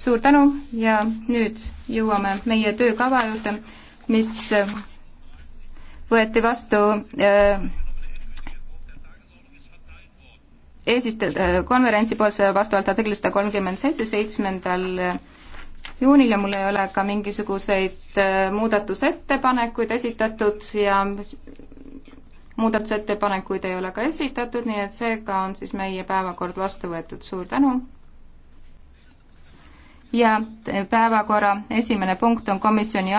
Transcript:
suur tänu ja nüüd jõuame meie töökava juurde, mis äh, võeti vastu äh, eesistuja äh, konverentsi poolse vastavalt artiklist sada kolmkümmend seitse, seitsmendal äh, juunil ja mul ei ole ka mingisuguseid muudatusettepanekuid esitatud ja muudatusettepanekuid ei ole ka esitatud, nii et seega on siis meie päevakord vastu võetud, suur tänu ja päevakorra esimene punkt on komisjoni